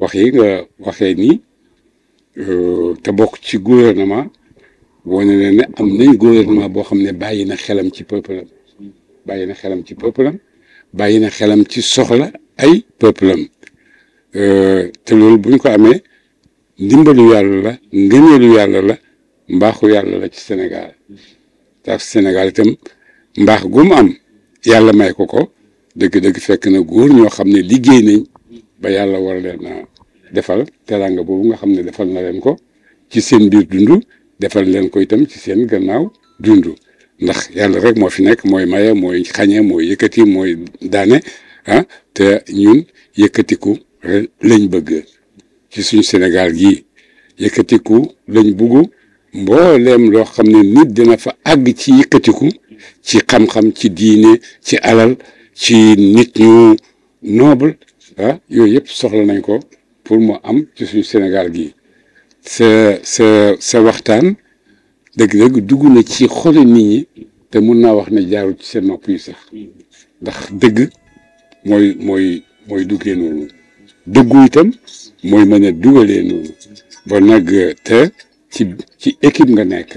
wax yi nga waxee nii euh, te bokk ci gouvernement wane na ne am nañ gouvernement boo xam ne bàyyi na xelam ci peuple bàyyi na xelam ci peuple bàyyi na xelam ci soxla ay peuple am euh, te loolu buñ ko amee ndimbalu yàlla la ngëneelu yàlla la mbaaxu yàlla la ci Sénégal tax Sénégal itam mbaax gu am yàlla may ko ko dëgg-dëgg fekk na góor ñoo xam ne liggéey nañ ba yàlla war leen a defal teraanga boobu nga xam ne defal na leen ko ci seen biir dundu defal leen ko itam ci seen gannaaw dund ndax yàlla rek moo fi nekk mooy maye mooy xañe mooy yëkkati mooy daane ah yëkkatiku lañ bëgg ci suñ Sénégal gii yëkkatiku lañ bugg mbooleem loo xam ne nit dina fa àgg ci yëkkatiku ci xam-xam ci diine ci alal ci nit ñu noble ah yooyu yëpp soxla nañ ko pour mu am ci suñu Sénégal gi sa sa sa waxtaan dëgg-dëgg dugg na ci xolu nit ñi te mun naa wax ne jaarul ci seen nopp yi sax ndax dëgg mooy mooy mooy duggee noonu dëggu itam mooy mën a dugalee noonu bon nag te ci ci équipe nga nekk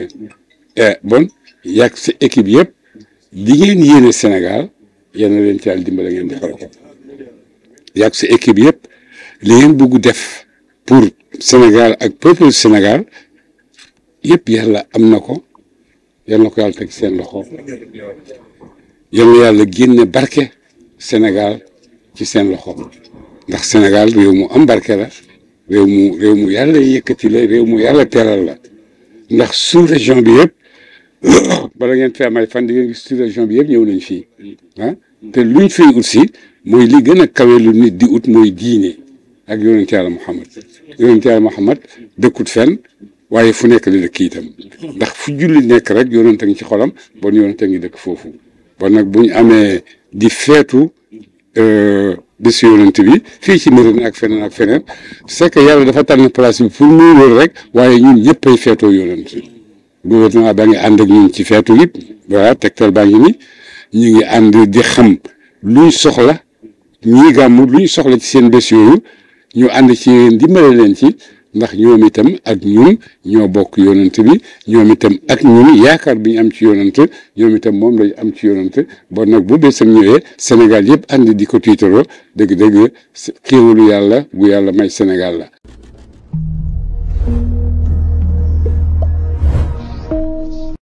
eh, bon yàgg sa équipe yëpp li ngeen yéene Sénégal yéen leen ci yàlla dimbale ngeen defal ko yàgg sa équipe yëpp li ngeen def pour Sénégal ak peuple Sénégal yépp yàlla am na ko yal ko loxo yàlla génne barke Sénégal ci seen loxo ndax Sénégal réew mu am barke la réew mu réew mu yàlla yëkkati la réew mu yàlla teral la ndax sous région bi yépp bala ngeen le may région bi nañ ah te luñ fi aussi li gën a kawe lu di ut mooy ak yonent yàlla Muhammad yonent yàlla Muhammad dëkkut fenn waaye fu nekk la dëkk itam ndax fu julli nekk rek yonent a ngi ci xolam bon yonent a ngi dëkk foofu bon nag bu ñu amee di feetu euh, bésu yonent bi fii ci Médina ak feneen ak feneen c'est que dafa tànn place bi rek waaye ñun ñëpp ay feetoo yonent gouvernement baa ngi ànd ak ñun ci feetu it voilà tegtal baa ngi ni ñu ngi ànd di xam luñ soxla ñii gàmmu luñ soxla ci seen bés yooyu ñu ànd ci yéen dimbale leen ci ndax ñoom itam ak ñun ñoo bokk yonent bi ñoom itam ak ñun yaakaar bi ñu am ci yonent ñoom itam moom lañu am ci yonent bon nag bu bésam ñëwee Sénégal yëpp ànd di ko tiitaroo dëgg-dëgg xéewalu yàlla bu yàlla may Sénégal la